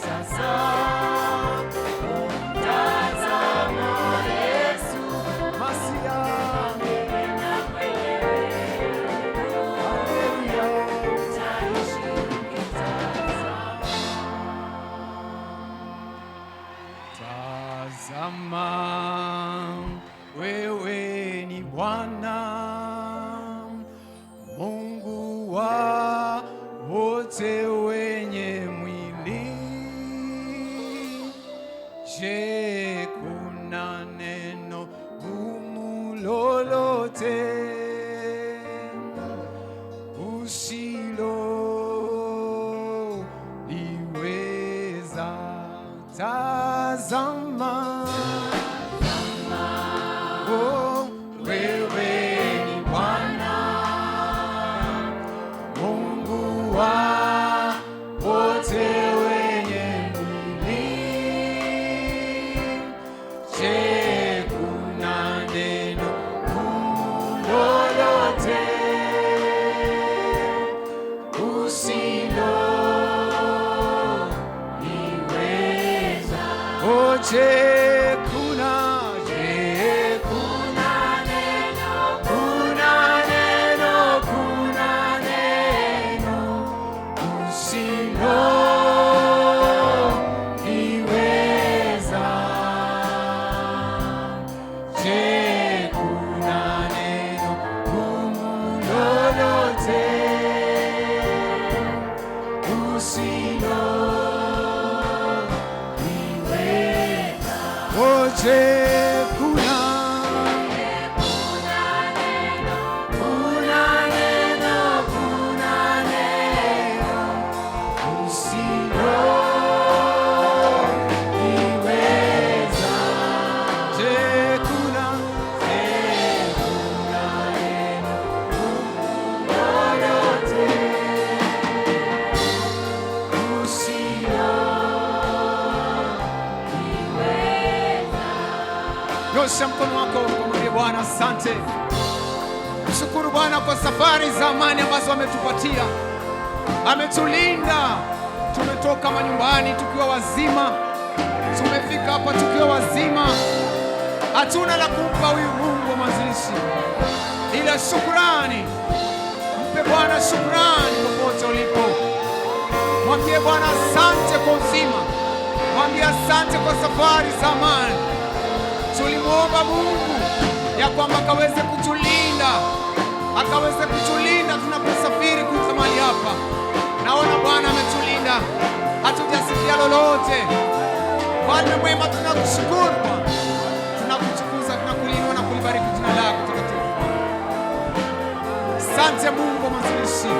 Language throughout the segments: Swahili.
Sasa kumtazama Yesu Tazama wewe ni Bwana Mungu wa wote we see বোঝে খুঁজে say nyosha mkono wako kumwambia Bwana asante. Mshukuru Bwana kwa safari za amani ambazo ametupatia, ametulinda. Tumetoka manyumbani tukiwa wazima, tumefika hapa tukiwa wazima. Hatuna la kumpa huyu Mungu wa mazishi ila shukurani Mpe Bwana shukurani popote ulipo, mwambie Bwana asante kwa uzima, mwambie asante kwa safari za amani tulimwomba Mungu ya kwamba akaweze kutulinda, akaweze kutulinda tunaposafiri kuja mahali hapa. Naona Bwana ametulinda, hatujasikia lolote. Bwana mwema, tunakushukuru Bwana, tunakutukuza, tunakulinua na kulibariki jina lako takatifu. Asante Mungu mwanzilishi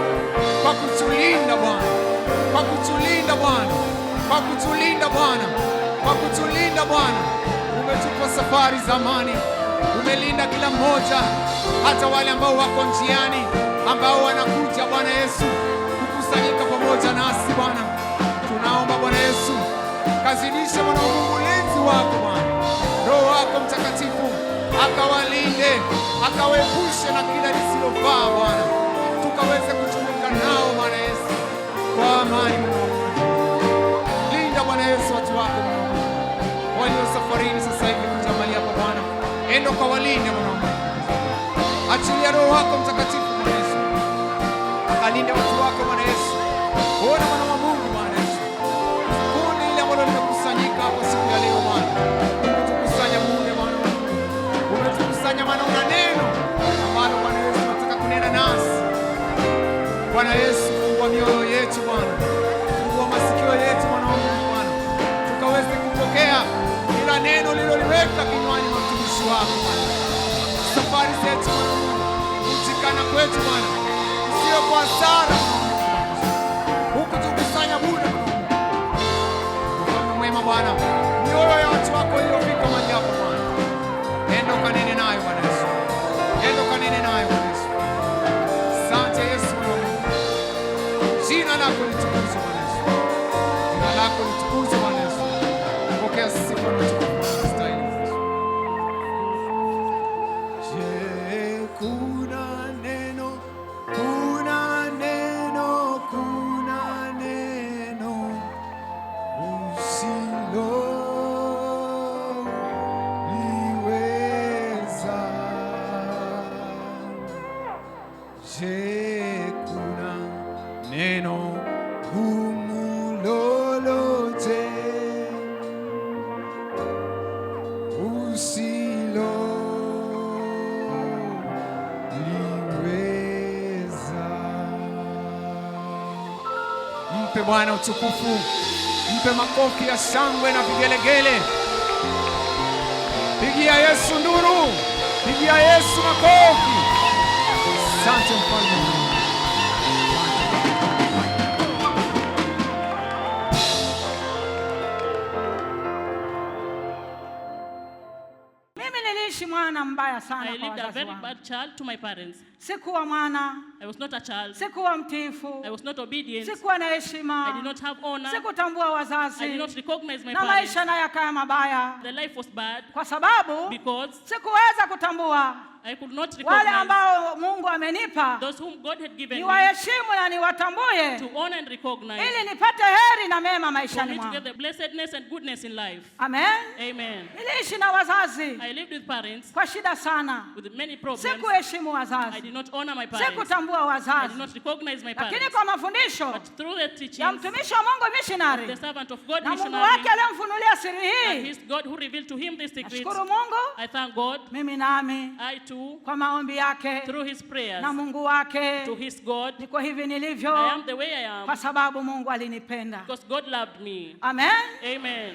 kwa kutulinda Bwana, kwa kutulinda Bwana, kwa kutulinda Bwana, kwa kutulinda Bwana umechukua safari za amani, umelinda kila mmoja, hata wale ambao wako njiani, ambao wanakuja Bwana Yesu kukusanyika pamoja nasi Bwana. Tunaomba Bwana Yesu, kazidishe Bwana Mungu wako Bwana, Roho wako Mtakatifu akawalinde, akawepushe na kila lisilofaa Bwana, tukaweze kutumika nao Bwana Yesu kwa amani. Linda Bwana Yesu watu wako walio safarini sasa hivi kuja mahali hapa Bwana, enda kwa walinde mwanaume, achilia Roho wako Mtakatifu Bwana Yesu, akalinde watu wako Bwana Yesu. hasara huku tukusanya bure. Mwema Bwana, mioyo ya watu wako iliyofika mahali hapo Bwana, nenda ukanene nayo Bwana Yesu, nenda ukanene nayo Bwana Yesu. Asante Yesu, jina lako litukuzwe Bwana Yesu, jina lako litukuzwe Bwana Yesu, pokea sifa na utukufu. Mpe Bwana utukufu, mpe makofi ya shangwe na vigelegele. Pigia Yesu nduru, pigia Yesu makofi. Asante Mfalme. Niliishi mwana mbaya sana I kwa lived a very bad child to my parents. Sikuwa mwana. I was not a child. Sikuwa mtifu. I was not obedient. Sikuwa na heshima. I did not have honor. Sikutambua wazazi. I did not recognize my parents. Na maisha nayo yakawa mabaya. The life was bad. Kwa sababu Because sikuweza kutambua I could not recognize. Wale ambao Mungu amenipa niwaheshimu na niwatambue ili nipate heri na mema maishani mwangu. na wazazi I lived with parents, kwa shida sana Sikuheshimu wazazi. wazazilakini kwa mafundisho ya mtumishi wa Mungu missionary, the servant of God na Mungu wake aliyemfunulia siri hii. Nashukuru Mungu mimi nami kwa maombi yake through his prayers, na Mungu wake to his God. Niko hivi nilivyo, I am the way I am, kwa sababu Mungu alinipenda because God loved me. Amen. Amen.